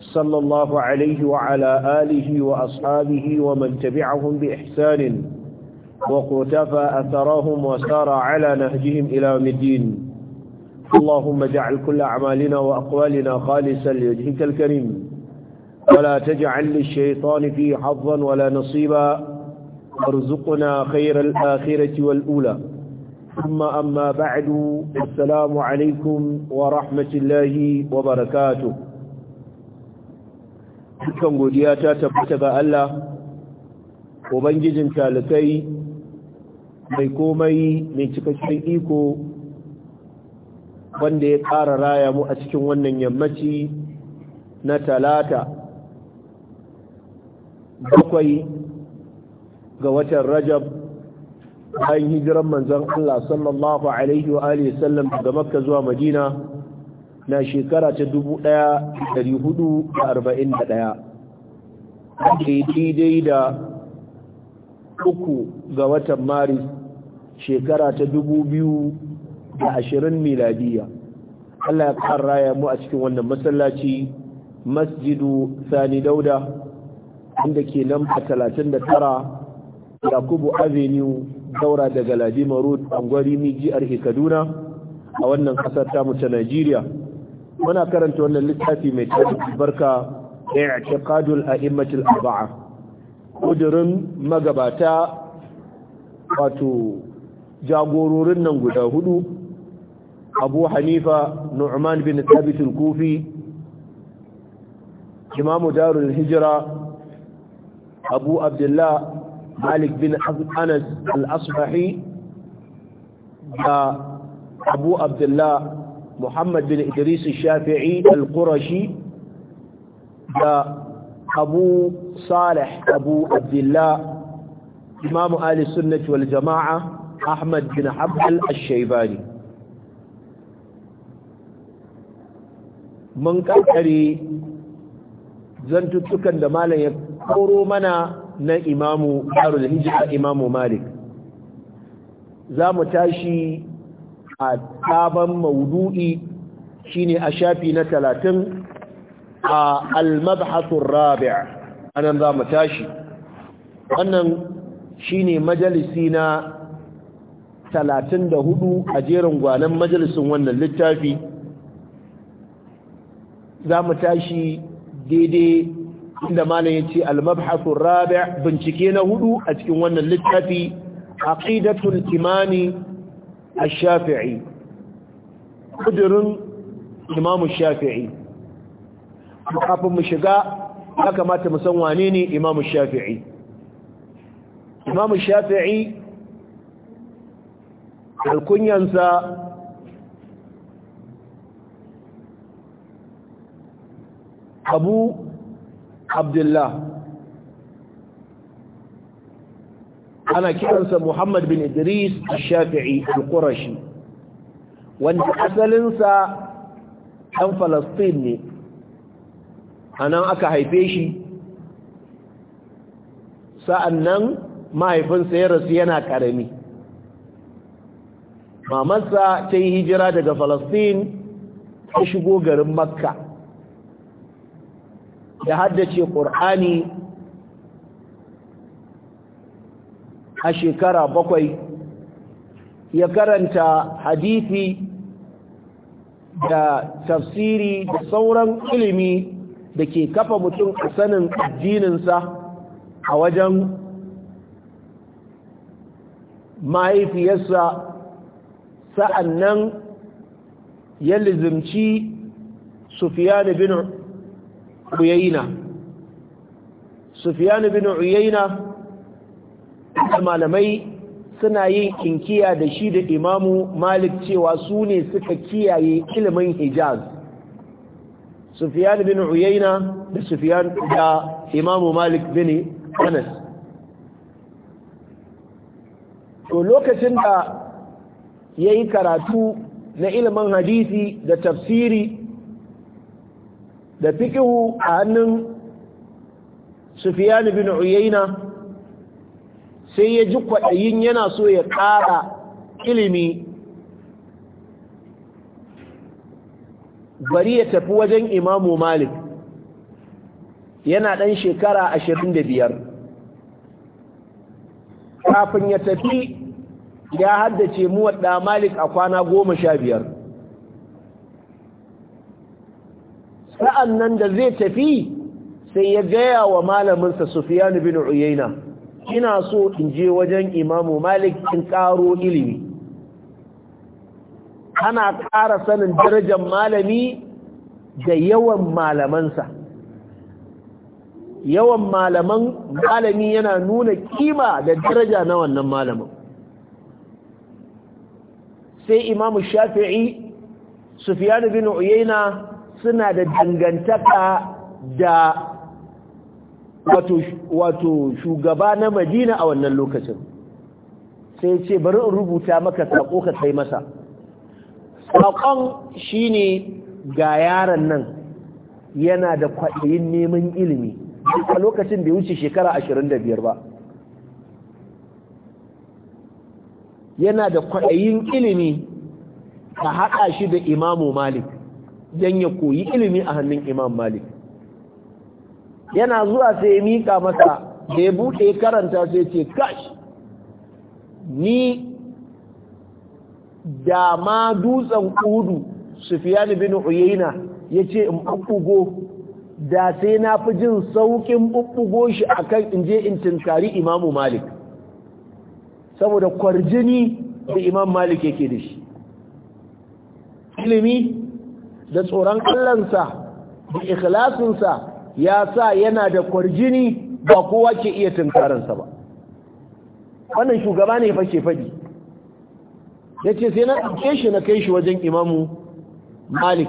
صلى الله عليه وعلى آله وأصحابه ومن تبعهم بإحسان وقتفى أثرهم وسار على نهجهم إلى مدين اللهم اجعل كل أعمالنا وأقوالنا خالصا ليجهك الكريم ولا تجعل للشيطان فيه حظا ولا نصيبا ارزقنا خير الآخرة والأولى ثم أما بعد السلام عليكم ورحمة الله وبركاته dukkan godiya ta tabbata ga Allah ubangijin talakai, mai komai mai cikakken iko wanda ya ƙara raya mu a cikin wannan yammaci na talata bakwai ga watan rajab bayan hijiran manzon Allah sallallahu alaihi wa alihi sallam daga makka zuwa madina na shekara ta 1441 daidai da uku ga watan maris shekara ta 2020 miladiya Allah ya ƙara ya mu a cikin wannan masallaci masjidu sani dauda inda ke a 39 yakubu avenue daura daga ladima road gwari miji arhe kaduna a wannan kasar tamu ta najeriya muna karanta wannan littafi mai tafi barka i'tiqadul a'immatul arba'a kudurin magabata wato jagororin nan guda hudu Abu Hanifa Nu'man bin Thabit kufi Imam Darul Hijra Abu Abdullah Malik bin Anas al-Asbahi da Abu Abdullah muhammad bin idris shafi'i al-qurashi da abu salih abu abdullah imamu ahli sunnah ahmad bin habdal al-shaybani mun kankare zantuttukan da malam ya koro mana na imamu darul hijra imamu malik za mu tashi a taban maudu'i shine a shafi na talatin a almabhasun rabia anan za mu tashi wannan shine majalisi na talatin da hudu a jerin gwanan majalisin wannan littafi za mu tashi daidai inda malam ya ce almabhasun rabia bincike na hudu a cikin wannan littafi aqidatul imani الشافعي قدر إمام الشافعي kafin mu shiga ya kamata mu san wane ne Imam Shafi'i Imam Shafi'i alkunyansa Abu Abdullah ana kiransa Muhammad bin Idris al-Shafi'i al-Qurashi wanda asalinsa ɗan Falastin ne anan aka haife shi sa'an nan mahaifinsa ya rasu yana ƙarami mamansa ta yi hijira daga Falastin ta shigo garin Makka ya haddace ƙur'ani a shekara bakwai ya karanta hadithi da tafsiri da sauran ilimi da ke kafa mutum a sanin addininsa a wajen mahaifiyarsa sa'annan ya lizimci sufiyanu bin uyayna sufiyanu bin uyayna malamai suna yin kinkiya da shi da imamu malik cewa su ne suka kiyaye ilimin hijaz sufiyan bin uyayna da sufiyan da imamu malik bin anas to lokacin da ya yi karatu na ilimin hadisi da tafsiri da fikihu a hannun sufiyan bin uyayna sai ya ji kwaɗayin yana so ya ƙara ilimi bari ya tafi wajen imamu malik yana ɗan shekara ashirin da biyar kafin ya tafi ya haddace muwadda malik a kwana goma sha biyar sa'an nan da zai tafi sai ya gaya wa malaminsa sufiyanu bin uyaina ina so in je wajen imamu malik in karo ilimi ana ƙara sanin darajar malami da yawan malamansa yawan malaman malami yana nuna kima da daraja na wannan malamin sai imamu shafi'i sufiyanu bin uyayna suna da dangantaka da wato shugaba na madina a wannan lokacin sai ce bari in rubuta maka sako ka kai masa saƙon shine ga yaran nan yana da kwaɗayin neman ilimi a lokacin bai wuce shekara ashirin biyar ba yana da kwaɗayin ilimi ka haɗa shi da imamu malik don ya koyi ilimi a hannun imam malik yana zuwa sai ya mika masa da ya buɗe karanta sai ce kash ni da ma dutsen kudu sufiyani bin uyayna ya ce in ɓuɓɓugo da sai na fi jin sauƙin ɓuɓɓugo shi a kan in je in tinkari imamu malik saboda kwarjini da imam malik yake da shi ilimi da tsoron kallonsa da ikhlasinsa ya sa yana da kwarjini ba kowa ke iya tunkararsa ba wannan shugaba ne fashe faɗi ya ce sai na ɗauke shi na kai shi wajen imamu malik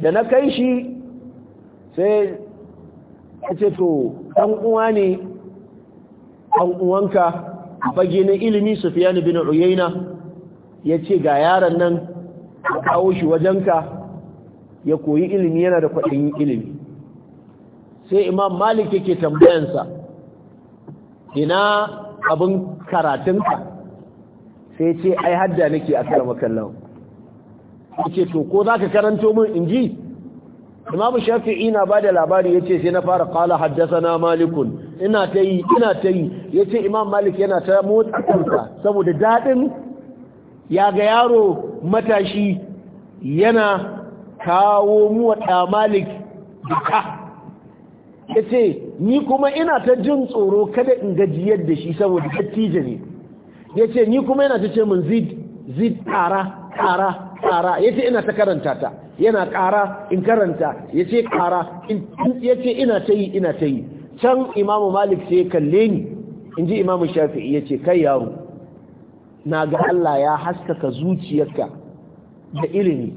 da na kai shi sai ya ce to ɗan uwa ne ɗan uwanka fage na ilimi ni bin uyayna ya ce ga yaron nan kawo shi wajenka ya koyi ilimi yana da kwaɗayin ilimi sai imam malik yake tambayansa ina abin karatunka sai ce ai hadda nake a kar kallon yake to ko za ka karanto min in ji imam shafi'i na ba da labari ya ce sai na fara kala haddasa na malikun ina ta yi ina ta yi ya ce imam malik yana ta motsa saboda daɗin ya ga yaro matashi yana kawo mu wa malik duka ya ce ni kuma ina ta jin tsoro kada in gajiyar da shi saboda dattijo ne ya ce ni kuma yana ta ce min zid zid ƙara ƙara ƙara ya ce ina ta karanta ta yana kara in karanta ya ce ƙara ya ce ina ta yi ina ta yi can imamu malik sai kalle ni in ji imamu shafi ya ce kai yaro na ga Allah ya haskaka zuciyarka da ilimi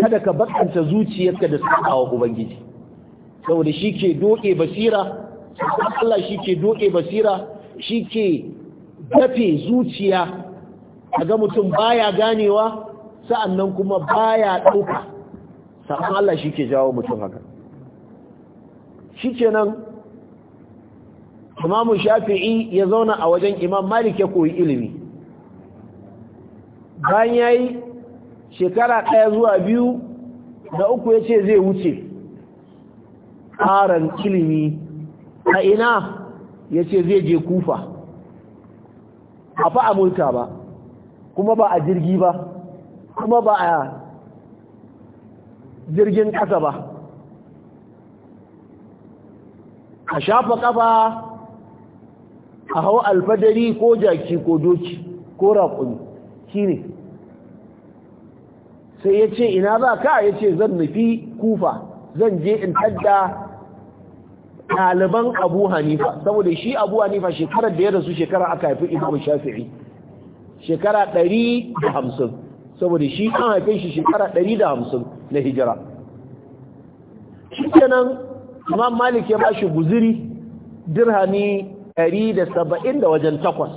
kada ka bakanta zuciyarka da sa'awa ubangiji saboda shi ke doke basira Allah shi ke doke basira shi ke dafe zuciya ga mutum baya ganewa sa'annan kuma baya ɗauka sa'an Allah shi ke jawo mutum haka shi ke nan imamun shafi'i ya zauna a wajen imam malik ya koyi ilimi bayan ya yi shekara ɗaya zuwa biyu da uku ya ce zai wuce karan ilimi a ina ya ce zai je kufa a fa a ba kuma ba a jirgi ba kuma ba a jirgin ƙasa ba a shafa ƙafa a hau alfadari ko jaki ko doki ko raƙuni shi sai ya ce ina za ka ya ce zan nufi kufa zan je in tadda ɗaliban abu hanifa saboda shi abu hanifa shekarar da ya rasu shekara aka haifi imam shafi'i shekara ɗari da hamsin saboda shi an haifin shi shekara ɗari da hamsin na hijira shi kenan imam malik ya bashi guziri dirhami ɗari da saba'in da wajen takwas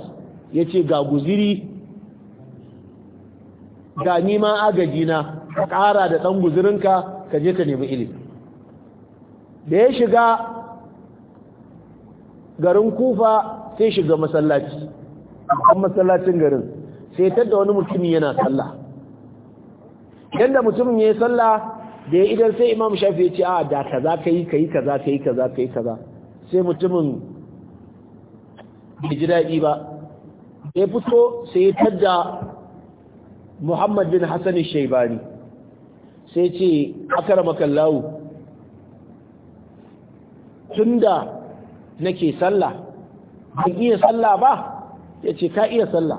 ya ce ga guziri ga nima agaji na ƙara da ɗan guzirinka ka je ka nemi ilimi da ya shiga garin kufa sai shiga masallaci an masallacin garin sai tadda wani mutumin yana sallah yadda mutumin ya yi sallah da ya idan sai imam shafi ya ce a ah, da kaza ka yi ka yi kaza ka yi kaza kai kaza sai mutumin bai ji daɗi ba ya fito sai ya tadda muhammad bin hassan shaybani sai ce akara tunda nake sallah ban iya sallah ba ya ce ka iya sallah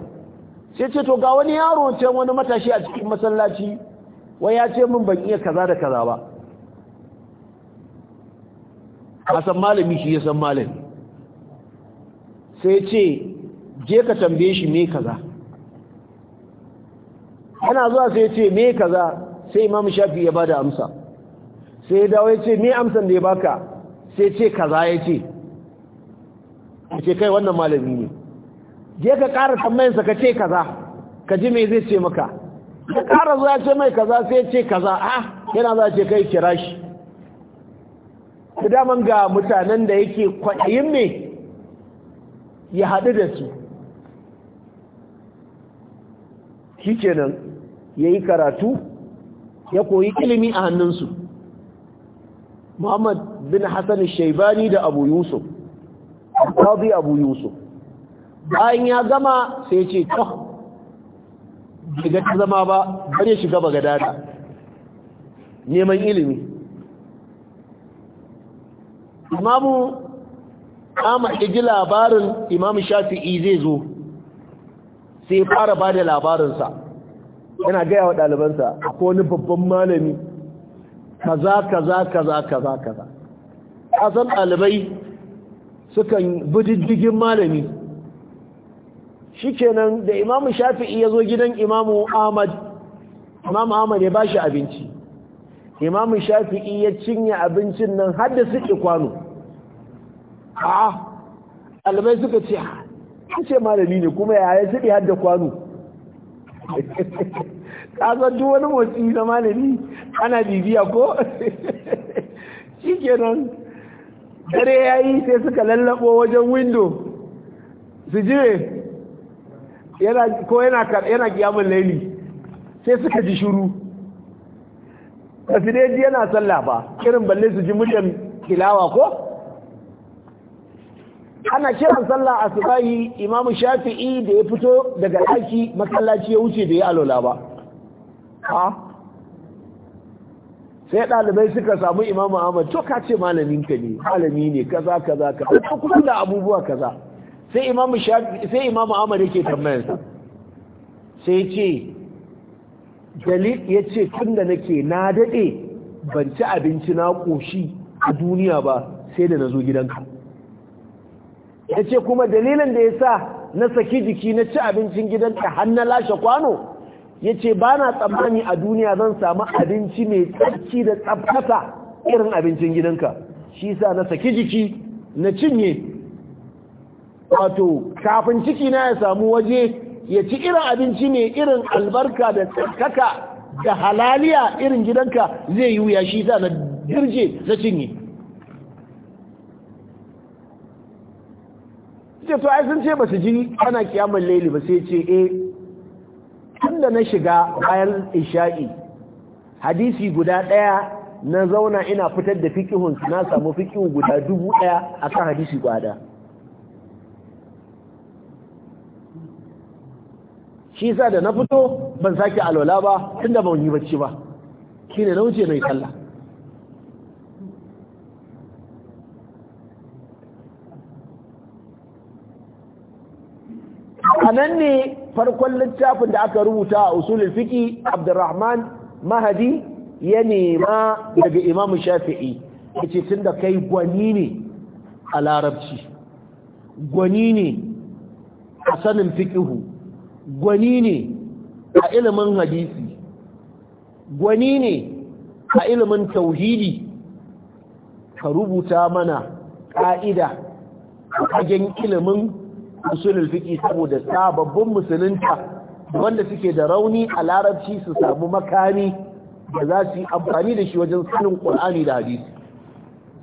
sai ce to ga wani yaro ce wani matashi a cikin masallaci wai ya ce min ban iya kaza da kaza ba a san malami shi ya san malami sai ce je ka tambaye shi me kaza ana zuwa sai ce me kaza sai imam shafi ya bada amsa sai dawo ya ce me amsan da ya baka sai ce kaza ya ce a ce kai wannan malami ne je ka ƙara tambayinsa ka ce kaza ka ji me zai ce maka ka ƙara zuwa ce mai kaza sai ce kaza a ah, yana za ce kai kira shi ku daman ga mutanen da yake kwaɗayin me ya haɗu da su shi kenan ya yi karatu ya koyi ilimi a hannunsu muhammad bin hassan shaibani da abu yusuf qadi abu yusuf bayan ya gama sai ya ce to daga ta zama ba bare shiga bagadada neman ilimi imamu kama ji labarin imam shafi'i zai zo sai fara bada da labarinsa yana gaya wa ɗalibansa ko wani babban malami kaza kaza kaza kaza kaza san ɗalibai sukan bi malami shikenan da imamu shafi'i ya zo gidan imamu ahmad imamu ahmad ya bashi abinci imamu shafi'i ya cinye abincin nan har da suke kwano a almai suka ce ha ce malami ne kuma yaya suke har da kwano kasar duk wani motsi na malami ana bibiya ko shikenan dare ya yi sai suka lallabo wajen windo su jire ko yana kiyamun laili sai suka ji shuru ba su ji yana sallah ba irin balle su ji mutum kilawa ko ana kiran sallah a subahi imamu shafi'i da ya fito daga ɗaki masallaci ya wuce da ya alola ba ha sai ɗalibai suka samu Imam ahmad to ka ce malamin ka ne malami ne kaza kaza kaza ko da abubuwa kaza sai Imam shafi sai imamu ahmad yake tambayar sa sai ce dalil yace tunda nake na dade ban ci abinci na koshi a duniya ba sai da nazo gidanka yace kuma dalilin da yasa na saki jiki na ci abincin gidanka har na lashe kwano Ya ce ba na tsammani a duniya zan samu abinci mai tsarki da tsabtasa irin abincin gidanka shi sa na saki jiki na cinye wato kafin ciki na ya samu waje ya ci irin abinci mai irin albarka da tsarkaka da halaliya irin gidanka zai yi wuya shi sa na dirje na cinye ce to ai sun ce ba su ji ana kiyamun laili ba sai ce eh tun da na shiga bayan isha'i hadisi guda ɗaya na zauna ina fitar da fikihun na samu fikihu guda dubu ɗaya a kan hadisi guda shi sa da na fito ban sake alola ba tun da ban yi bacci ba shi ne na wuce mai kalla. a nan ne farkon littafin da aka rubuta a usulul fiki abdurrahman mahadi ya nema daga imam shafi'i ya ce tun da kai gwani ne a larabci gwani ne a sanin fikihu gwani ne a ilimin hadisi gwani ne a ilimin tauhidi ka rubuta mana ƙa'ida a ilimin usulul fiqi saboda sababbin musulunta wanda suke da rauni a larabci su samu makami da za su amfani da shi wajen sanin qur'ani da hadisi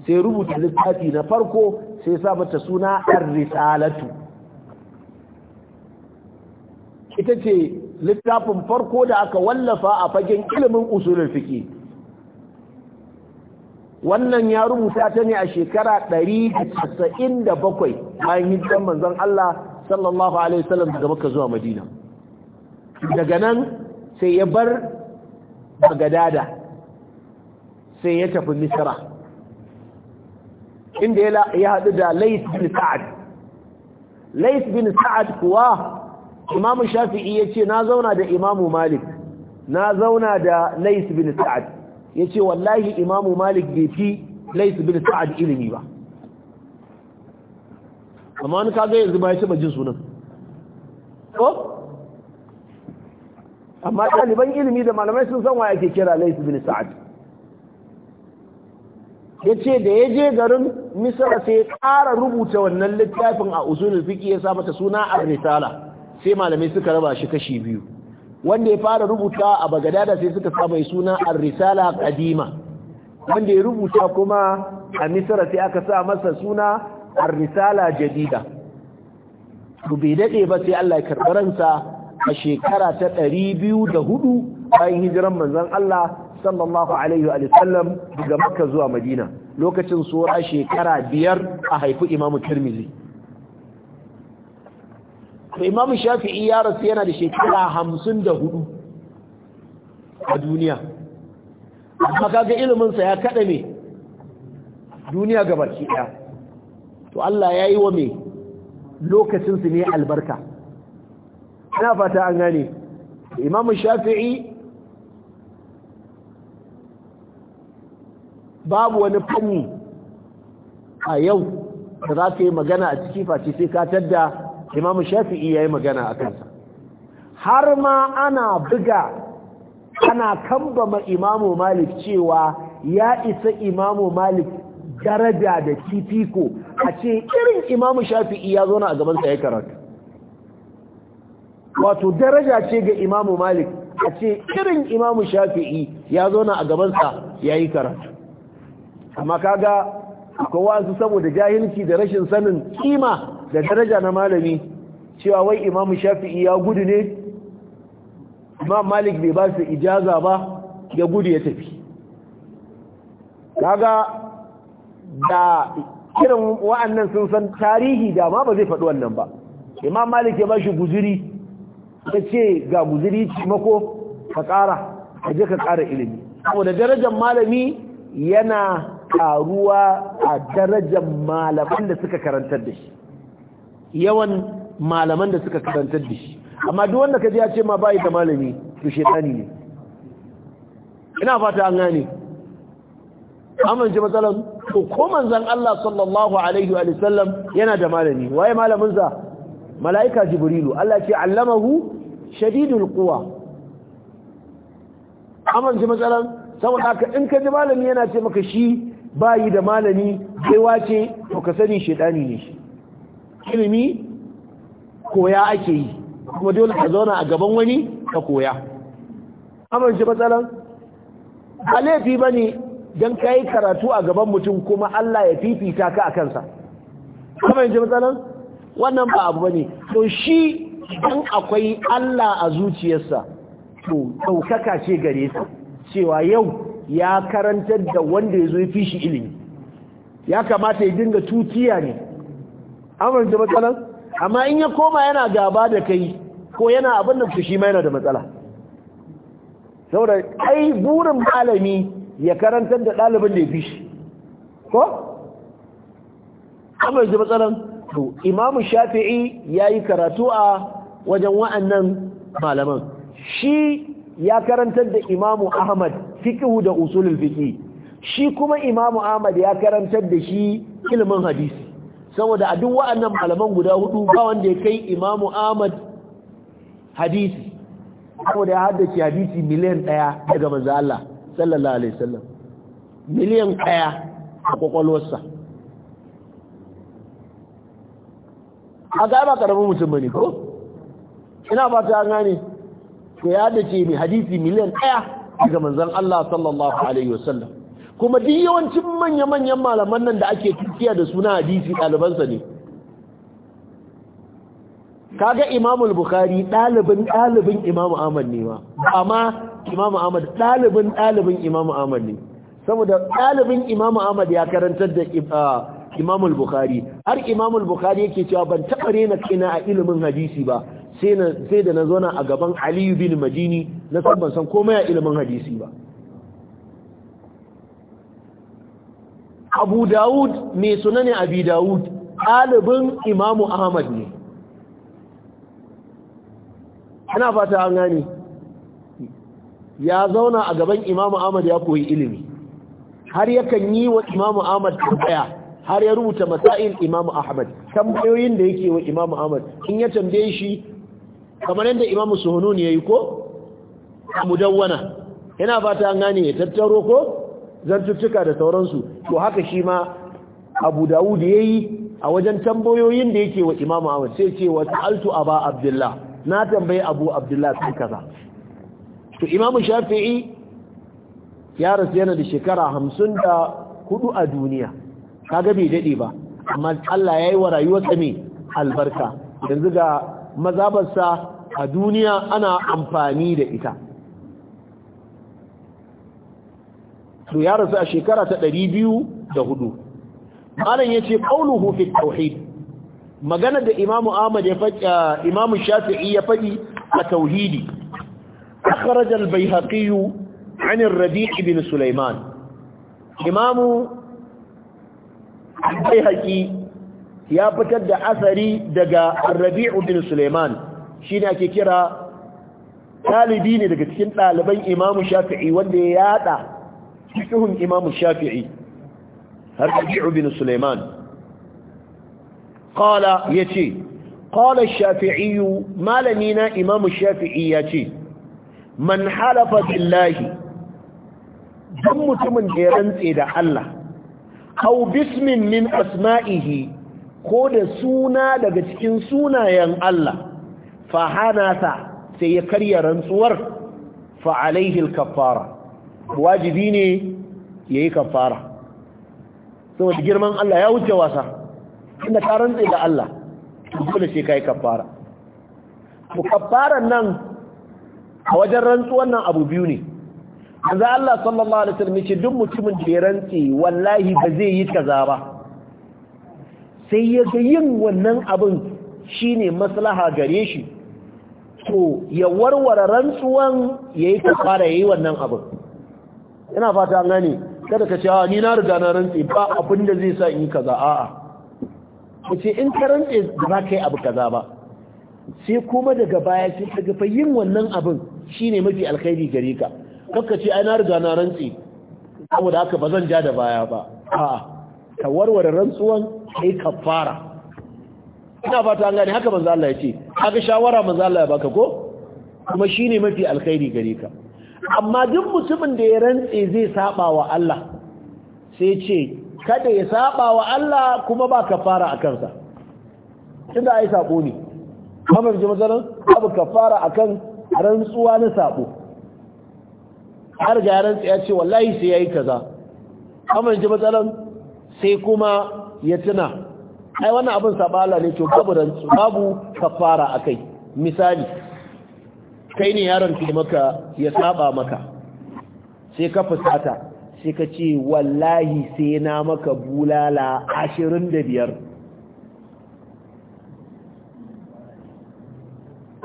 sai rubuta littafi na farko sai sa mata suna ar-risalatu ita ce littafin farko da aka wallafa a fagen ilimin usulul fiqi wannan ya rubuta ta ne a shekara 197 bayan hijiran manzon Allah sallallahu alaihi wasallam daga Makka zuwa Madina daga nan sai ya bar Bagadada sai ya tafi Misra inda ya haɗu da Lais bin Sa'ad Lais bin Sa'ad kuwa Imam Shafi'i yace na zauna da Imam Malik na zauna da Lais bin Sa'ad yace wallahi imamu malik bai fi lais bin sa'ad ilimi ba amma wani kaga yanzu ba ya taba jin sunan ko amma ɗaliban ilimi da malamai sun san waye ke kira lais bin sa'ad yace da ya je garin misra sai ya ƙara rubuta wannan littafin a usulul fiqh ya sa mata suna ar-risala sai malamai suka raba shi kashi biyu wanda ya fara rubuta a bagadada sai suka sa mai suna arrisala risala wanda ya rubuta kuma a Misira sai aka sa masa suna ar-risala jadida to bai dade ba sai Allah ya karɓi ransa a shekara ta 204 bayan hijiran manzon Allah sallallahu alaihi wa sallam daga Makka zuwa Madina lokacin sura shekara biyar a haifu Imam Tirmidhi to imam shafi'i ya rasu yana da shekara hamsin da hudu a duniya amma ga iliminsa ya kaɗa me duniya ga baki ɗaya to Allah ya yi wa me lokacinsu ne albarka ana fata an gane imam shafi'i babu wani fanni a yau da za ka yi magana a ciki face sai ka tadda imam shafi'i yayi magana a kansa har ma ana buga ana kambama imamu malik cewa ya isa imamu malik daraja da fifiko a ce irin imamu shafi'i ya zo na a gabansa ya karatu wato daraja ce ga imamu malik a ce irin imamu shafi'i ya zo na a gabansa ya yi karatu amma kaga akwai wasu saboda jahilci da rashin sanin kima da daraja na malami cewa wai imam shafi'i ya gudu ne imam malik bai ba su ijaza ba ya gudu ya tafi kaga da kiran wa'annan sun san tarihi da ma ba zai faɗi wannan ba imam malik ya ba shi guziri ya ce ga guziri mako ka ƙara ka je ka ƙara ilimi saboda darajar malami yana ƙaruwa a darajar malaman da suka karantar da shi yawan malaman da suka karantar da shi amma duk wanda kaji ya ce ma bai da malami to shetani ne ina fata an gane amince matsalan to ko manzon Allah sallallahu alaihi wa sallam yana da malami waye malamin sa malaika jibrilu Allah ce allamahu shadidul quwa amince matsalan saboda ka in ji malami yana ce maka shi bai da malami sai wace to ka sani shetani ne shi ilimi koya ake yi kuma dole ka zauna a gaban wani ka koya amince matsalan a laifi ba ne don ka karatu a gaban mutum kuma Allah ya fifita ka a kansa amince matsalan wannan ba abu ba ne to shi don akwai Allah a zuciyarsa to ɗaukaka ce gare ta cewa yau ya karantar da wanda ya zo ya fi shi ilimi ya kamata ya dinga tutiya ne An matsalan amma in ya koma yana gaba da kai ko yana abin da shi ma yana da matsala saboda ai burin malami ya karantar da ɗalibin da ya fi shi ko? an matsalan to imamu shafi'i ya yi karatu a wajen wa'annan malaman shi ya karantar da imamu ahmad fikihu da usulul fiqi shi kuma imamu ahmad ya karantar da shi ilimin hadisi saboda a duk wa'annan malaman guda hudu ba wanda ya kai imamu ahmad hadisi saboda ya haddace hadisi miliyan ɗaya daga manzo Allah sallallahu alaihi wasallam miliyan ɗaya a kwakwalwarsa a ga ba karamin mutum bane ko ina ba ta gane to ya haddace mai hadisi miliyan ɗaya daga manzon Allah sallallahu alaihi wasallam kuma duk yawancin manya-manyan malaman nan da ake tukiya da suna hadisi ɗalibansa ne kaga al bukhari ɗalibin ɗalibin imamu ahmad ne ma amma imamu ahmad ɗalibin ɗalibin imamu ahmad ne saboda ɗalibin imamu ahmad ya karantar da al ah, bukhari har al bukhari yake cewa ban taɓa rena kaina a ilimin hadisi ba sai da na zo na a gaban aliyu bin madini na san ban san komai a ilimin hadisi ba abu dawud mai suna ne abi dawud ɗalibin imamu ahmad ne ana fata an gane ya zauna a gaban imamu ahmad ya koyi ilimi har yakan yi wa imamu ahmad tambaya har ya rubuta matsayin imamu ahmad tambayoyin da yake wa imamu ahmad in ya tambaye shi kamar yadda imamu suhunun ya yi ko a mudawwana yana fata an gane ya tattaro ko zartuttuka da sauransu to haka shi ma abu dawud ya yi a wajen tambayoyin da yake wa imamu ahmad sai ce wa ta'altu aba abdullah na tambayi abu abdullah sun kaza to imamu shafi'i ya rasu yana da shekara hamsin da hudu a duniya kaga bai daɗe ba amma allah ya yi wa rayuwarsa ne albarka yanzu ga mazabarsa a duniya ana amfani da ita to ya rasu a shekara ta ɗari biyu da hudu. malam yace qauluhu fi tauhid magana da imamu ahmad ya faɗi imamu shafi'i ya faɗi a tauhidi akhraj al-baihaqi an ar-rabi' ibn sulaiman imamu al ya fitar da asari daga ar bin ibn sulaiman shine ake kira talibi ne daga cikin ɗaliban imamu shafi'i wanda ya yada fiqhun imam shafi'i har ce, bin sulaiman qala shafi'i malami na imamu shafi'i yace man halafa billahi dan mutumin da ya rantse da Allah hau bismin min asma'ihi ko da suna daga cikin sunayen Allah fa sai ya karya rantsuwar fa alaihi al-kaffara wajibi ne ya yayi kafara saboda girman Allah ya wuce wasa inda ta rantse da Allah dole sai yi kafara to kafaran nan a wajen rantsuwan nan abu biyu ne za Allah sallallahu alaihi wasallam ce duk mutumin da ya rantse wallahi ba zai yi kaza ba sai ya ga yin wannan abin shine maslaha gare shi to ya warware rantsuwan yayi kafara yayi wannan abin ina fata an gane kada ka ce a ah, ni na riga na rantse ba abin da zai sa in yi kaza a'a ku ce in ka rantse da za ka yi abu kaza ba sai kuma daga baya sai ka ga yin wannan abin shine mafi alkhairi gare ka kakka ce ai na riga na rantse saboda haka ba zan ja da baya ba a'a ka warware rantsuwan kai fara. ina fata an gane haka manzo Allah ya ce haka shawara manzo Allah ya baka ko kuma shine mafi alkhairi gare ka amma duk mutumin da ya rantse zai saba wa Allah sai ce kada ya saba wa Allah kuma ba kafara a kansa tunda ai sabo ne kamar ji mazalan abu kafara akan rantsuwa na sabo har ga rantsi ya ce wallahi sai yayi kaza kamar ji matsalan sai kuma ya tuna ai wannan abin Allah ne to babu rantsu babu kafara akai misali kai ne yaron ki maka ya saba maka sai ka fusata sai ka ce wallahi sai na maka bulala ashirin da biyar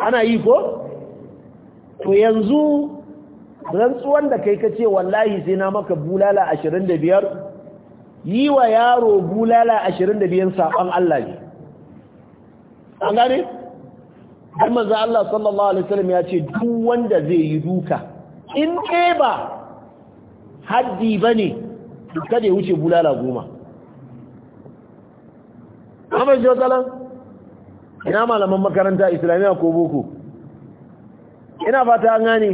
ana yi ko? to yanzu rantsuwan da kai ka ce wallahi sai na maka bulala ashirin da biyar yi wa yaro bulala ashirin da biyar Allah ne an gane? dan manzo Allah sallallahu alaihi wasallam ya ce duk wanda zai yi duka in ke ba haddi bane kada ya wuce bulala goma amma jo talan ina malaman makaranta islamiyya ko boko ina fata an gane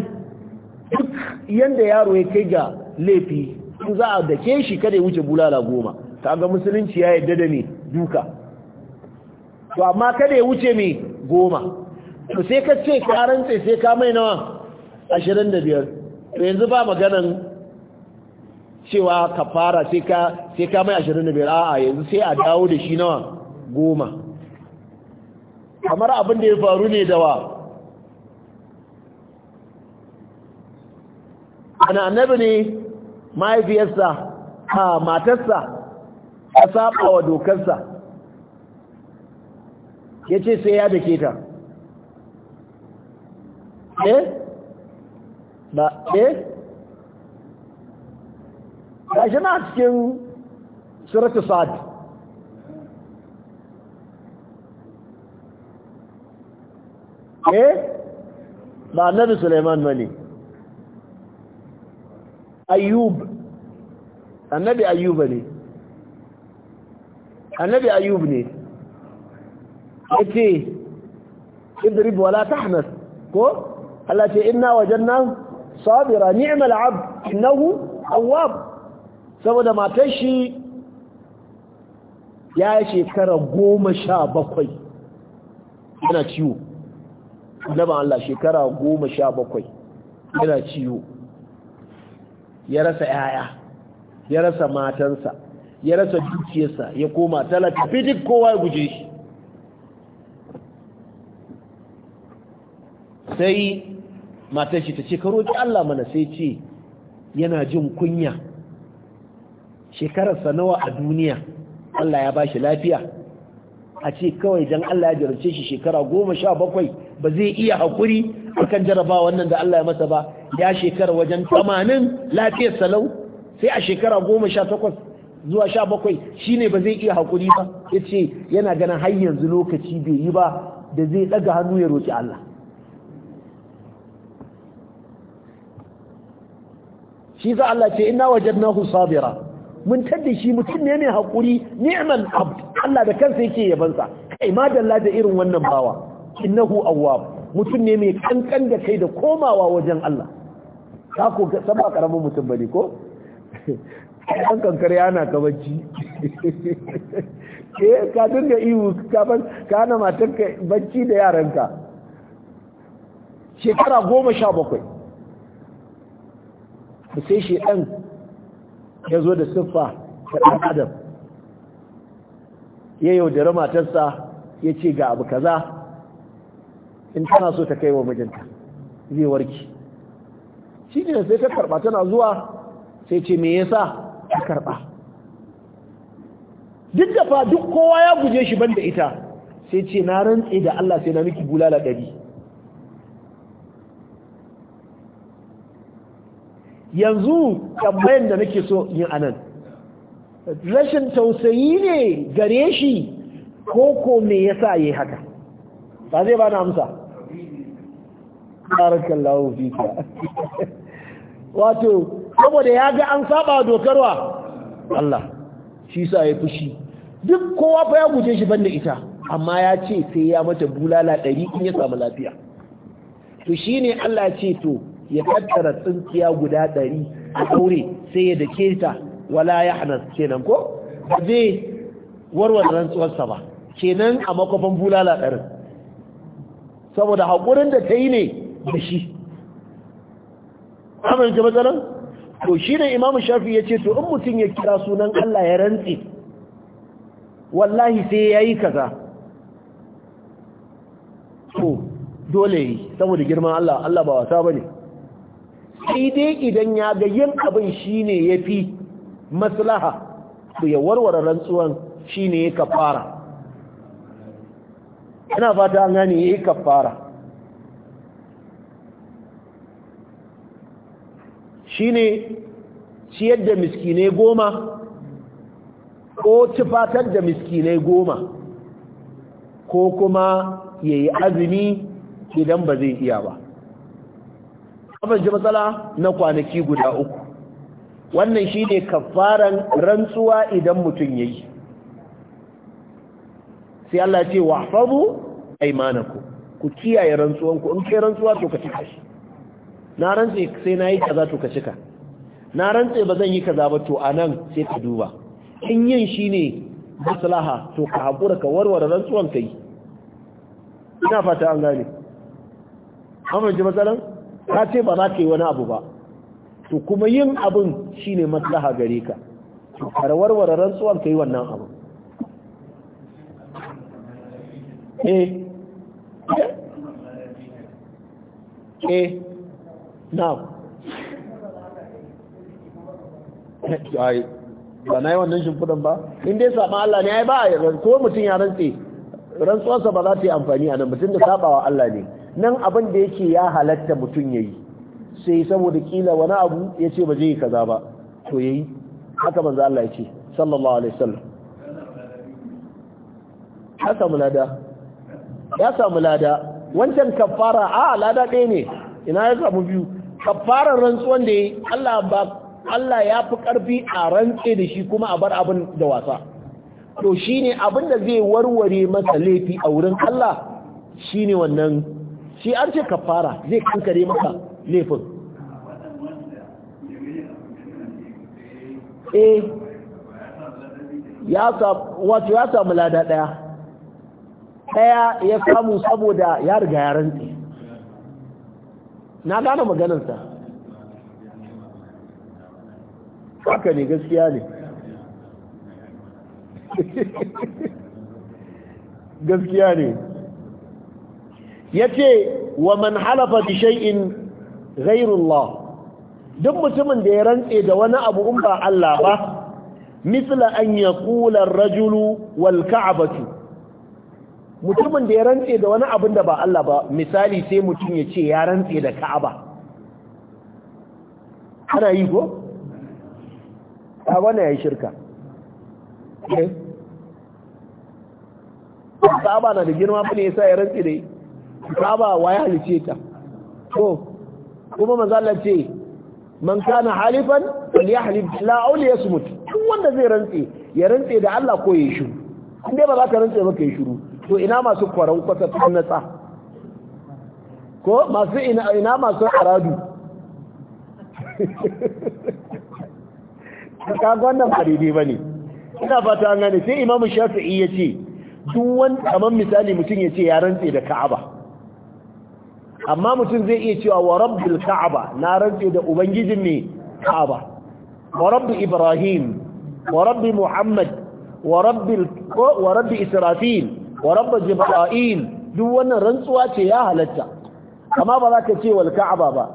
duk yadda yaro ya kai ga laifi in za a dake shi kada ya wuce bulala goma ga musulunci ya yadda da ne duka to amma kada ya wuce mai goma to sai ka ce ka rantse sai ka mai nawa 25 to yanzu ba maganan cewa ka fara sai ka sai ka mai 25 a'a yanzu sai a dawo da shi nawa goma kamar abin da ya faru ne da wa ana annabi ne mahaifiyarsa a matarsa a saba wa dokarsa ya ce sai ya dake ta ايه لا ايه يا جماعه كن سوره صاد ايه مع النبي سليمان ملي ايوب النبي ايوب لي النبي ايوب لي اوكي إيه؟ ادرب ولا تحمس كو Allah ce inna wajanna sabira ni'mal abd innahu awwab saboda matar shi ya shekara goma sha bakwai yana ciwo annaban Allah shekara goma sha bakwai yana ciwo ya rasa yaya ya rasa matansa ya rasa dukiyarsa ya koma talaka fitik kowa ya guje shi sai matar shi ta ce ka roƙi Allah mana sai ce yana jin kunya shekararsa nawa a duniya Allah ya bashi lafiya a ce kawai dan Allah ya jarabce shi shekara goma sha bakwai ba zai iya haƙuri akan jaraba wannan da Allah ya masa ba ya shekara wajen tamanin lafiyar salau sai a shekara goma sha takwas zuwa sha bakwai shi ne ba zai iya haƙuri ba ya ce yana ganin har yanzu lokaci bai yi ba da zai ɗaga hannu ya roƙi Allah shi za Allah ce wajen nahu sabira mun tadda shi mutum ne mai hakuri ni'mal abd Allah da kansa yake yabansa kai ma dalla da irin wannan bawa innahu awwab mutum ne mai kankan da kai da komawa wajen Allah ka ko saba karamin mutum bane ko kan kankar yana ka bacci eh ka dinga iwu ka ban ka matarka bacci da yaranka shekara goma sha bakwai da sai ɗan ya zo da siffa ta ɗan adam ya yaudara matarsa ya ce ga abu kaza in tana so ta kai wa mijinta zai warki shi ne sai ta karɓa tana zuwa sai ce me yasa ta karɓa duk da fa duk kowa ya guje shi banda ita sai ce na rantse da Allah sai na miki bulala ɗari yanzu tambayan da nake so yin anan rashin tausayi ne gare shi ko ko me yasa yayi haka ba zai ba na amsa barakallahu fika wato saboda ya ga an saba dokarwa Allah shi sa ya fushi duk kowa fa ya guje shi banda ita amma ya ce sai ya mata bulala ɗari in ya samu lafiya to shine Allah ce to ya tattara tsintsiya guda ɗari a ɗaure sai ya dake ta wala ya hana kenan ko ba zai warware rantsuwarsa ba kenan a makwafan bulala ɗarin saboda haƙurin da ta yi ne da shi Amin amince matsalan to shi ne imamu shafi ya ce to in mutum ya kira sunan Allah ya rantse wallahi sai ya yi kaza to dole yi saboda girman Allah Allah ba wasa ba ne sai dai idan ya ga yin abin shine fi maslaha ku ya warware rantsuwan shine ya kafara ina fata an gane yayi kafara shine ciyar da miskinai goma ko tufatar da miskinai goma ko kuma ya yi azumi idan ba zai iya ba abin ji matsala na kwanaki guda uku wannan shi ne kafaran rantsuwa idan mutum ya yi sai Allah ce wa faru aimanaku ku kiyaye rantsuwanku in kai rantsuwa to ka cika shi na rantse sai na yi kaza to ka cika na rantse ba zan yi kaza ba to anan sai ka duba in yin shi ne maslaha to ka haƙura ka warware rantsuwan ka yi ina fata an gane an ji matsalan ka ce ba za ka yi wani abu ba to kuma yin abin shine maslaha gare ka to warware rantsuwar ka yi wannan abu eh eh na ai ba na yi wannan shimfudan ba in dai saɓa Allah ne ai ba ko mutum ya rantse sa ba za ta yi amfani a nan mutum da saɓawa Allah ne nan abin da yake ya halatta mutum ya yayi sai saboda kila wani abu ya ce ba zai yi kaza ba to ya yi, haka za Allah ya ce sallallahu alaihi wasallam ya samu lada ya samu lada wancan kafara a lada ɗaya ne ina ya samu biyu kafarar rantsuwan da yi. Allah ba Allah ya fi ƙarfi a rantse da shi kuma a bar abin da wasa to shine abin da zai warware masa laifi a wurin Allah shine wannan shi an ce kafara zai kankare maka laifin eh ya wato ya samu lada daya daya ya samu saboda ya riga ya rantsi na gane maganarsa haka ne gaskiya ne gaskiya ne yace wa man halafa bi shay'in ghayrullah duk mutumin da ya rantse da wani abu in ba Allah ba misla an yaqula ar-rajulu wal ka'batu mutumin da ya rantse da wani abin da ba Allah ba misali sai mutum ya ce ya rantse da Ka'aba ana yi ko a wannan yayi shirka eh? Ka'aba na da girma fa ne yasa ya rantse da kaba wa ya halice ta to kuma manzala ce man kana halifan falyahlib la auli yasmut duk wanda zai rantse ya rantse da Allah ko ya shiru in dai ba za ka rantsi ba ka yi shiru to ina masu kwaran kwata tsanatsa ko masu ina ina masu aradu ka ga wannan ba daidai bane ina fata an gane sai imamu shafi'i yace duk wanda kamar misali mutum yace ya rantse da Ka'aba amma mutum zai iya cewa wa rabbil ka'aba na rantse da ubangijin ne ka'aba wa rabbi ibrahim wa rabbi muhammad wa rabbi wa rabbi israfil wa rabbi jibril duk wannan rantsuwa ce ya halatta amma ba za ka ce wal ka'aba ba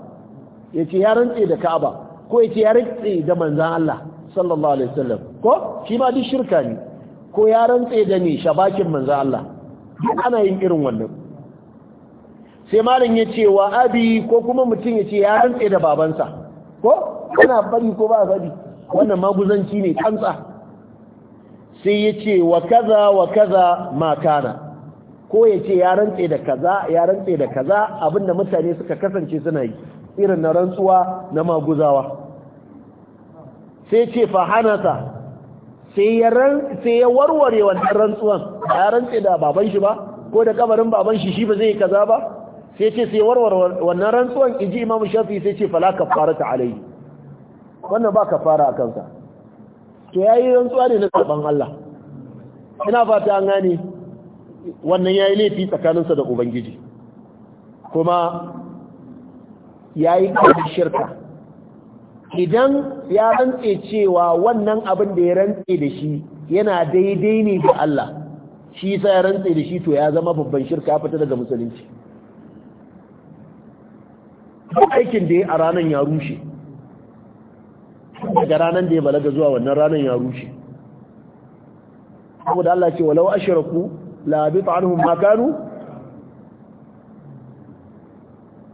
yace ya rantse da ka'aba ko yace ya rantse da manzon Allah sallallahu alaihi wasallam ko shi ma duk shirka ne ko ya rantse da ni shabakin manzon Allah duk ana yin irin wannan sai malam ya ce wa abi ko kuma mutum ya ce ya rantse da babansa ko kana bari ko ba bari wannan maguzanci ne kansa sai ya ce wa kaza wa kaza ma kana ko ya ce ya rantse da kaza ya rantse da kaza abinda mutane suka kasance suna yi irin na rantsuwa na maguzawa sai ce fa sai ya ran sai ya warware wannan rantsuwan ya rantse da baban shi ba ko da kabarin baban shi shi ba zai kaza ba sai ce sai warwar wannan rantsuwan iji imamu shafi sai ce fala ta alai wannan ba kafara a kansa to yi rantsuwa ne na karban Allah ina fata an gane wannan yayi laifi tsakaninsa da ubangiji kuma yayi shirka idan ya rantse cewa wannan abin da ya rantse da shi yana daidai ne da Allah shi sai ya rantse da shi to ya zama babban shirka ya fita daga musulunci duk aikin da ya a ranar ya rushe daga ranar da ya balaga zuwa wannan ranar ya rushe saboda Allah ce walau ashraku la bi ta'anhum ma kanu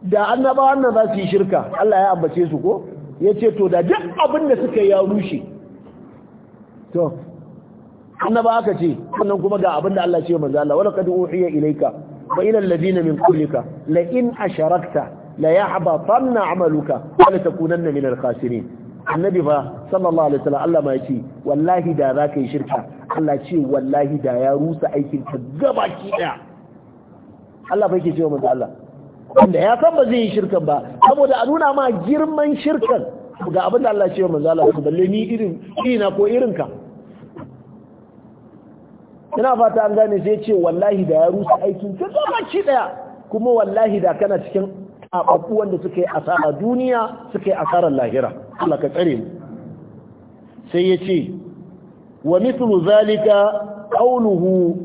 da annaba wannan za su yi shirka Allah ya ambace su ko yace to da duk abin da suka ya rushe to annaba aka ce sannan kuma ga abin da Allah ce manzo Allah wala qad uhiya ilayka wa ila alladhina min qablika la in asharakta la yahbatanna amaluka wala takunanna min al-khasirin annabi ba sallallahu alaihi wasallam Allah ma yace wallahi da zaka yi shirka Allah ce wallahi da ya rusa aikin ka gabaki daya Allah fa yake cewa manzo Allah wanda ya san ba zai yi shirkan ba saboda a nuna ma girman shirkan ga abin da Allah ce wa manzo Allah balle ni irin ina ko irin ka ina fata an gane sai ce wallahi da ya rusa aikin ka gabaki daya kuma wallahi da kana cikin taɓaɓɓu wanda suka yi asara duniya suka yi asarar lahira Allah ka tsare mu sai ya ce wa mithlu zalika qawluhu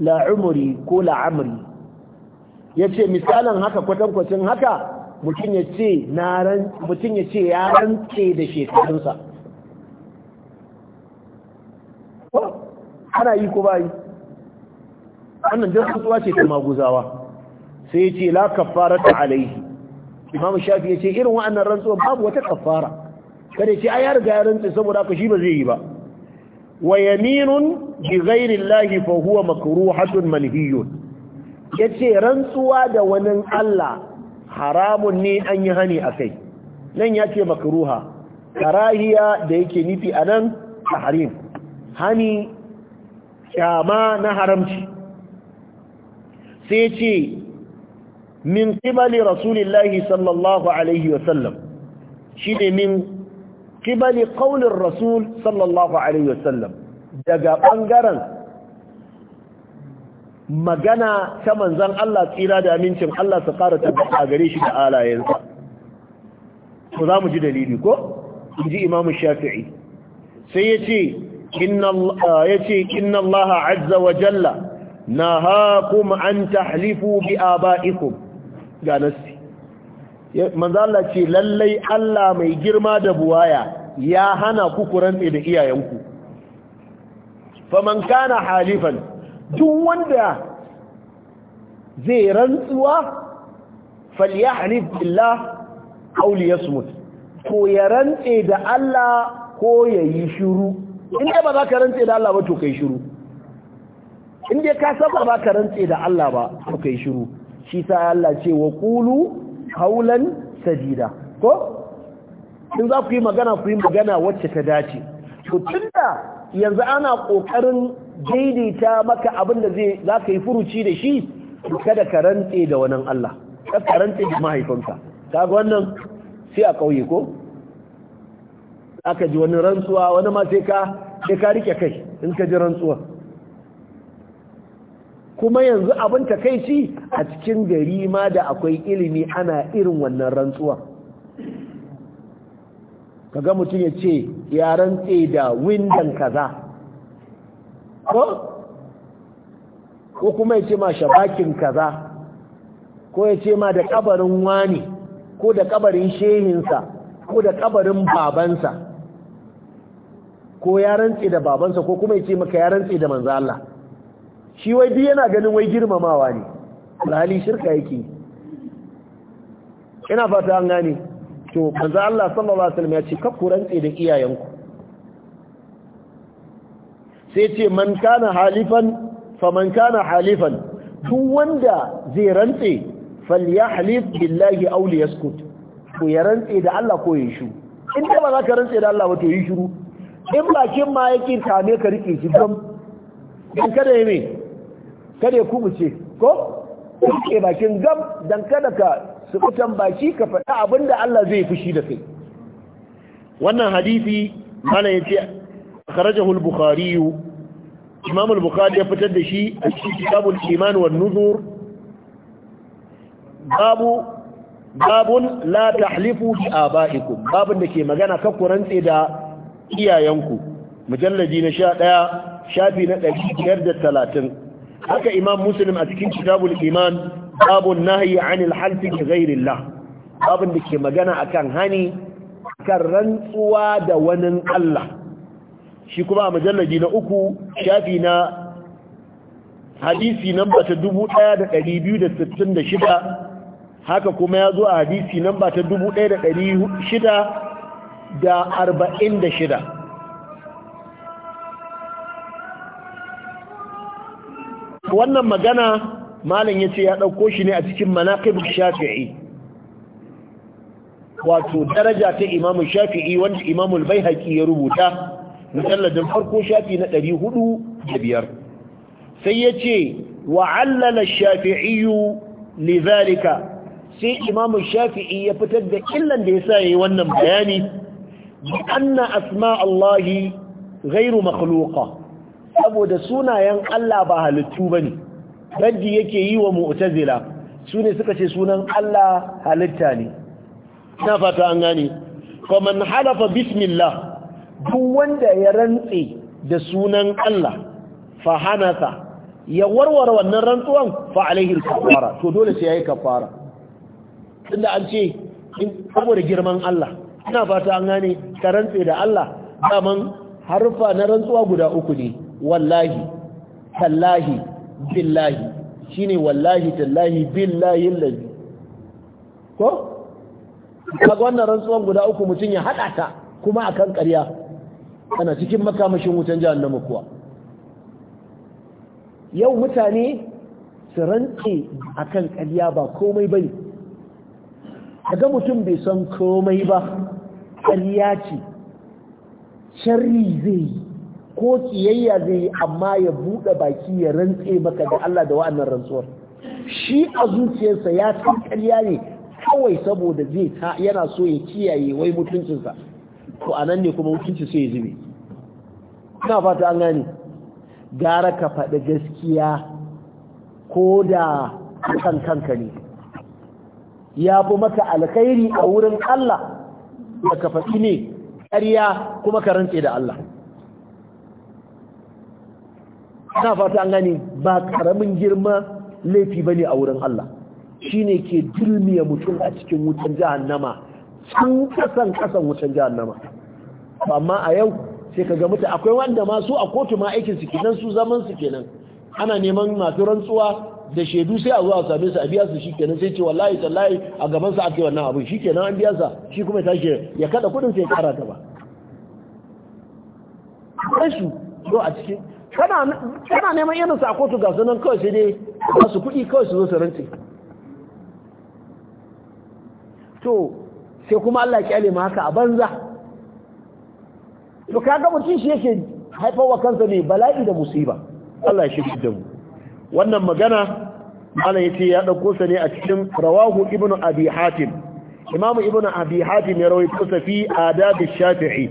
la umri ko la amri yace misalan haka kwatankwacin haka mutum ya ce ya ce ya da shekarunsa ana yi ko ba yi wannan duk rantsuwa ce ta maguzawa sai yace la kaffarata alaihi imam shafi yace irin wa'annan rantsuwa babu wata kaffara kada ce ai ya riga ya rantsu saboda haka shi ba zai yi ba wa yaminun bi ghairi llahi fa huwa makruhatun manhiyun yace rantsuwa da wani Allah haramun ne an yi hani akai nan yace makruha karahiya da yake nufi anan tahrim hani kyama na haramci sai ce min qibali rasulillahi sallallahu alaihi wasallam shine min qibali rasul sallallahu daga bangaren magana ta manzon Allah tsira da amincin Allah su fara tabbata gare shi da alayensa to za mu ji dalili ko inji imamu shafi'i sai yace inna yace inna Allah azza wa jalla nahakum an tahlifu bi abaikum ga manzo ce lallai Allah mai girma da buwaya ya hana ku kurantse da iyayenku faman kana halifan duk wanda zai rantsuwa falyahlif billah aw liyasmut ko ya rantse da Allah ko yayi shiru inda ba za ka rantse da Allah ba to kai shiru inda ka saba ba ka rantse da Allah ba to kai shiru shi sa Allah ce wa qulu haulan sadida ko in za ku yi magana ku yi magana wacce ta dace to tunda yanzu ana kokarin daidaita maka abin da zai za ka yi furuci da shi kada ka rantse da wannan Allah kada ka rantse da mahaifinka kaga wannan sai a ƙauye ko aka ji wani rantsuwa wani ma sai ka sai ka rike kai in ka ji rantsuwa kuma yanzu abin takaici a cikin gari ma da akwai ilimi ana irin wannan rantsuwa kaga mutum ya ce ya rantse da windan kaza ko ko kuma ya ce ma shabakin kaza ko ya ce ma da kabarin wani ko da kabarin shehinsa ko da kabarin babansa ko ya rantse da babansa ko kuma ya ce maka ya rantse da manzo Allah shi wai duk yana ganin wai girmamawa ne alhali shirka yake ina fata an gane to manzo Allah sallallahu alaihi wasallam ya ce kakku rantse da iyayenku sai ce man kana halifan fa man kana halifan duk wanda zai rantse falyahlif billahi aw liyaskut ko ya rantse da Allah ko ya shu in ba za ka rantse da Allah ba to yi shiru in bakin ma yake tame ka rike shi gam dan kada yi me kada ya kubuce ko ke bakin gam dan kada ka sukutan baki ka faɗa abinda Allah zai fushi da kai wannan hadisi mana yace kharajahu al-bukhari imam al-bukhari ya fitar da shi a cikin kitabul iman wan nuzur babu babun la tahlifu bi abaikum babun da ke magana kan kurantse da iyayenku mujalladi na 11 shafi na 530 haka imam muslim a cikin kitabul iman babu nahyi anil halfi bi ghairillah babun da ke magana akan hani kan rantsuwa da wani Allah shi kuma a majallaji na uku shafi na hadisi namba ta 1266 haka kuma ya zo a hadisi namba ta 1646 wannan magana malam ya ce ya ɗauko shi ne a cikin manaƙib shafi'i wato daraja ta imamun shafi'i wanda imamul bai haƙi ya rubuta musalladin farko shafi na ɗari hudu da biyar sai ya ce wa'allala shafi'iyu lizarika sai imamun shafi'i ya fitar da illan da ya sa ya yi wannan bayani bi anna asma Allahi ghairu makhluqa saboda sunayen Allah ba halittu ba ne, raddi yake yi wa mu'tazila su ne suka ce sunan Allah halitta ne na fata an gane man halafa bismillah duk wanda ya rantse da sunan Allah fa hanata ya warware wannan rantsuwan fa alaihi kafara to dole sai ya yi kafara tunda an ce in saboda girman Allah ina fata an gane ka rantse da Allah daman harfa na rantsuwa guda uku ne wallahi tallahi billahi shine wallahi tallahi billahi allazi ko kaga wannan rantsuwan guda uku mutum ya hada ta kuma akan karya ana cikin makamashin wutan jahannama kuwa yau mutane su rantse akan karya ba komai bane kaga mutum bai san komai ba karya ce sharri zai yi ko kiyayya zai yi amma ya buɗe baki ya rantse maka da Allah da wa'annan rantsuwar shi a zuciyarsa ya san ƙarya ne kawai saboda zai ta yana so ya kiyaye wai mutuncinsa to anan ne kuma mutunci sai ya zube ina fata an gani. gara ka faɗi gaskiya ko da kan kanka ne ya fi maka alkhairi a wurin Allah da ka faɗi ne ƙarya kuma ka rantse da Allah na fata an ba karamin girma laifi bane a wurin Allah Shi ne ke dulmiya mutum a cikin wutan jahannama can kasan kasan wutan jahannama amma a yau sai ka ga mutum akwai wanda masu a kotu ma aikin su kenan su zaman su kenan ana neman masu rantsuwa da shaidu sai a zuwa a same su a biya su kenan sai ce wallahi tallahi a gaban sa ake wannan abin kenan an biya sa shi kuma tashi ya kada kudin sai ya kara ta ba su zo a cikin kana neman irin sa kotu ga sunan kawai sai dai ba su kuɗi kawai su zo su rantse to sai kuma Allah ya kyale ma haka a banza to kaga mutum shi yake haifar wa kansa ne bala'i da musiba Allah ya shirya da mu wannan magana malam ce ya ɗauko sa ne a cikin rawahu ibnu abi hatim imamu ibnu abi hatim ya rawaito sa fi adab shafi'i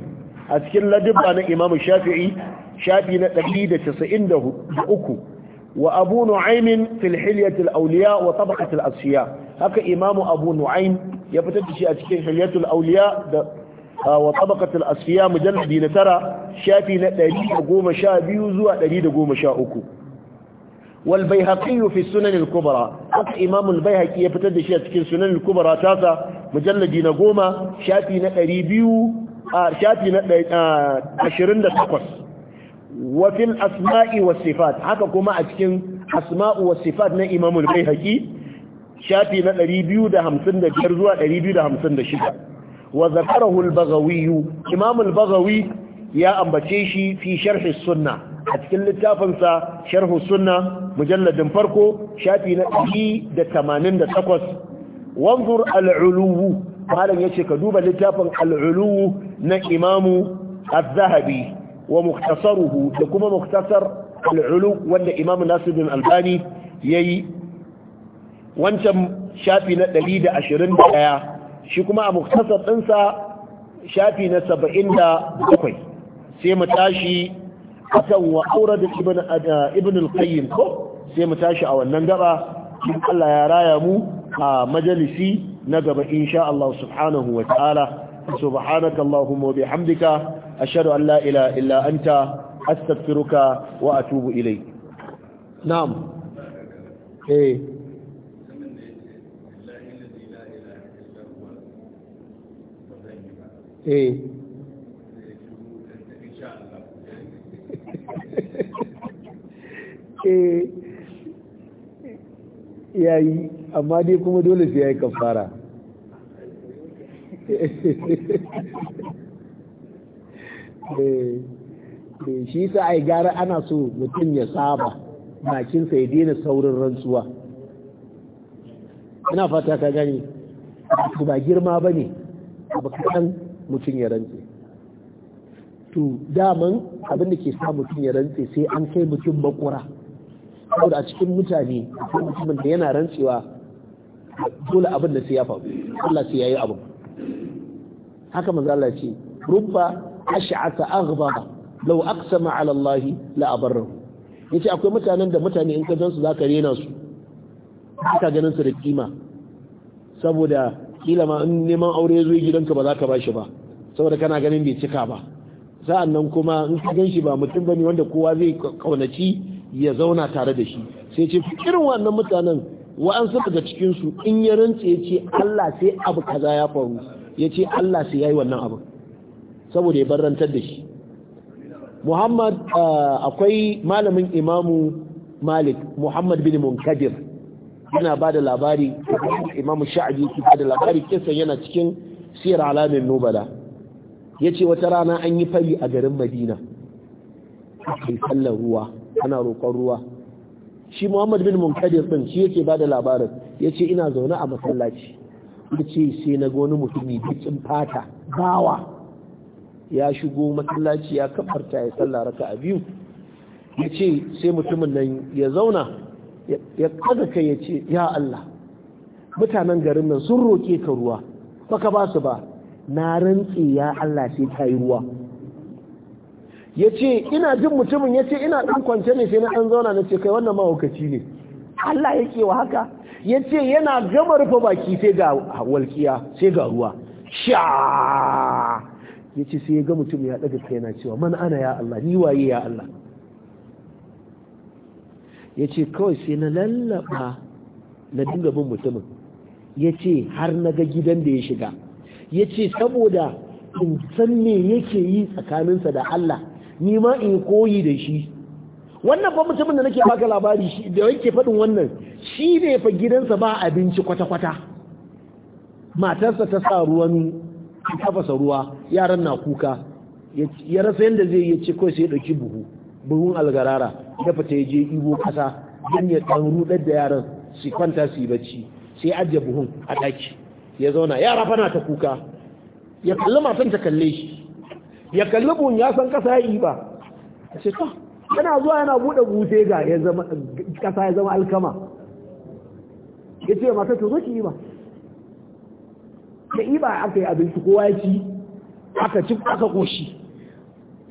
a cikin ladabba na imamu shafi'i شافي نبيدة سئنده بأكو وأبو نعيم في الحلية الأولياء وطبقة الأصياء هكا إمام أبو نعيم يبتدش أتكي حلية الأولياء آه، وطبقة الأصياء مجلد نترى شافي نبيدة قوم شابي وزوى نبيدة قوم شاوكو والبيهقي في السنن الكبرى هكا إمام البيهقي يبتدش أتكي السنن الكبرى تاتا مجلد نقوم شافي نبيدة آه، شافي نبيدة آه، عشرين دا wa asma'i was sifat haka kuma a cikin asma'u was sifat na Imamul al haƙi, shafi na 255 zuwa 256 wa zakarahu al-Baghawi Imam al-Baghawi ya ambace shi fi sharhi sunna. a cikin littafinsa sharhi sunna, mujalladin farko shafi na 188 wanzur al-uluw malam yace ka duba littafin al na Imamu al-Zahabi wa muktasaruhu da kuma muktasar al'ulu wanda imam nasiruddin albani yayi wancan shafi na 121 shi kuma a muktasar ɗinsa shafi na 77 sai mu tashi akan wa aurada ibn eh, ibn al ko sai mu tashi a wannan gaba in Allah ya raya mu a majalisi na gaba insha Allah subhanahu wa ta'ala subhanakallahumma wa bihamdika ashhadu an la ilaha illa anta astaghfiruka wa atubu ilayk na'am eh eh eh yayi amma dai kuma dole sai yayi kafara Eh, eh, shi sa yi gara ana so mutum ya saba bakinsa ya daina saurin rantsuwa ina fata ka gani abu ba girma ba ne ba kaɗan mutum ya rantse to daman abin da ke sa mutum ya rantse sai an kai mutum makura saboda a cikin mutane cikin mutumin da yana rantsewa dole abin da sai ya faru Allah sai ya yi abu. haka manzo Allah ce rubba ash'asa aghbara law aqsama ala Allah la abarra yace akwai mutanen da mutane in ka san su zaka rena su ka ganin su da kima saboda kila ma in neman aure zo gidanka ba za ka bashi ba saboda kana ganin bai cika ba sa'annan kuma in ka ganshi ba mutum bane wanda kowa zai kaunaci ya zauna tare da shi sai ce irin wannan mutanen wa'ansu daga cikinsu in ya rantsa ya ce Allah sai abu kaza ya faru ya Allah sai ya wannan abu saboda ya barrantar da shi muhammad ah, akwai malamin imamu malik muhammad bin munkadir yana ba da labari imamu sha'abi su ba da labari kisan yana cikin siyar alamin nubala ya ce wata rana an yi fari a garin madina kai sallar ruwa ana roƙon ruwa shi muhammad bin munkadir ɗin shi yake ba da labarin ya ce ina zaune a masallaci ya ce sai na wani mutumi bikin fata bawa ya shigo masallaci ya kafarta ya sallah a biyu ya ce sai mutumin nan ya zauna ya kaga kai ya ce ya Allah mutanen garin nan sun roke ka ruwa baka ba su ba na rantse ya Allah sai ta yi ruwa ya ce ina jin mutumin ya ce ina ɗan kwance ne sai na ɗan zauna na ce kai wannan mahaukaci ne Allah ya wa haka ya ce yana gama rufe baki sai ga walƙiya sai ga ruwa sha ya ce sai ya ga mutum ya ɗaga kai na cewa man ana ya Allah ni waye ya Allah ya ce kawai sai na lallaba na dinga bin mutumin ya ce har na ga gidan da ya shiga ya ce saboda in san me yake yi tsakaninsa da Allah ni ma in koyi da shi wannan fa mutumin da nake baka labari shi da yake faɗin wannan shi ne fa gidansa ba abinci kwata-kwata matarsa ta sa ruwan an tafasa ruwa yaran na kuka ya rasa yadda zai yi ce kawai sai ya ɗauki buhu buhun algarara ya fita ya je ibo ƙasa don ya ɗan rudar da yaran su kwanta su yi bacci sai ajiye buhun a ɗaki ya zauna yara fana ta kuka ya kalli matan ta kalle shi ya kalli buhun ya san ƙasa ya yi ba a ce ka yana zuwa yana buɗe buhu ga ya zama ƙasa ya zama alkama ya ce mata to zo ki yi ba da iba aka yi abinci kowa ya ci aka ci aka koshi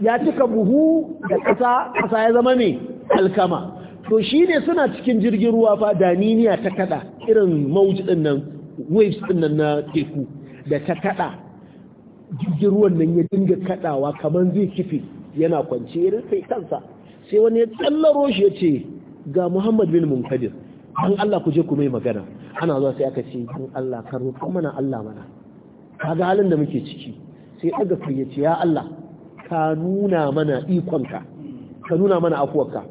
ya cika buhu da ƙasa ƙasa ya zama ne alkama to shi ne suna cikin jirgin ruwa fa daniniya ta kada irin mawuji ɗin nan waves ɗin nan na teku da ta kada jirgin ruwan nan ya dinga kadawa kamar zai kife yana kwance irin sai kansa sai wani ya tsallaro shi ya ce ga muhammad bin munkadir an Allah ku je ku mai magana ana zuwa sai aka ce in Allah ka roƙa mana Allah mana ga halin da muke ciki sai daga fayyace ya Allah ka nuna mana ikonka ka nuna mana afuwarka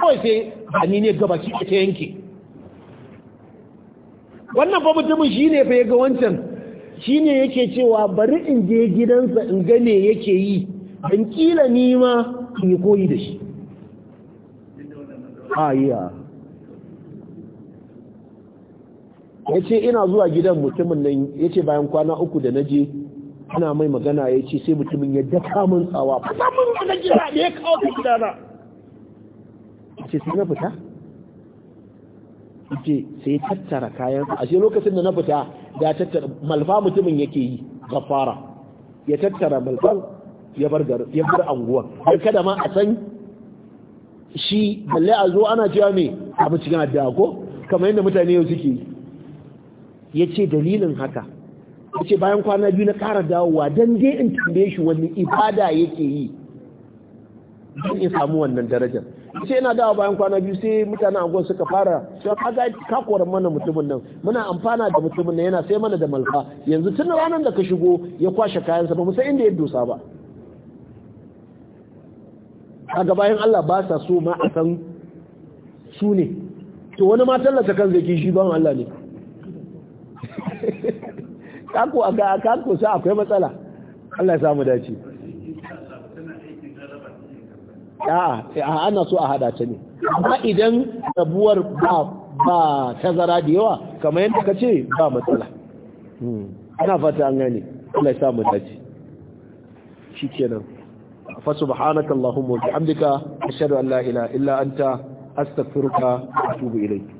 kawai sai hannu ne gaba ki ta yanke wannan fa mutumin shine fa ga wancan shine yake cewa bari in je gidansa in ga me yake yi in kila ni ma in koyi da shi a ya ce ina zuwa gidan mutumin nan ya ce bayan kwana uku da naje ana mai magana ya ce sai mutumin ya daka min tsawa fita mun wani gida da ya kawo ta gida na ya ce sai na fita ya ce sai ya tattara kayan a ce lokacin da na fita da tattara malfa mutumin yake yi fara. ya tattara malfan ya bar anguwa har kada ma a san shi balle a zo ana cewa me abin cikin addu'a ko kamar yadda mutane yau suke yi ya ce dalilin haka ya ce bayan kwana biyu na ƙara dawowa don dai in tambaye shi wani ibada yake yi don in samu wannan darajar ce yana dawa bayan kwana biyu sai mutane angon suka fara ka ga kakwar mana mutumin nan muna amfana da mutumin nan yana sai mana da malfa yanzu tun ranar da ka shigo ya kwashe kayansa ba musa inda ya dosa ba ga bayan Allah ba sa so ma a san su ne to wani ma tallata kan zai kishi ban Allah ne kaku a kaku sa akwai matsala Allah ya samu dace a'a ana so a hada ta ne amma idan rabuwar ba ba tazara da yawa kamar yadda ka ce ba matsala hmm, ana fata an gani. Allah ya samu dace kenan fa subhanaka allahumma wa bihamdika ashhadu an la ilaha illa anta astaghfiruka wa atubu ilayk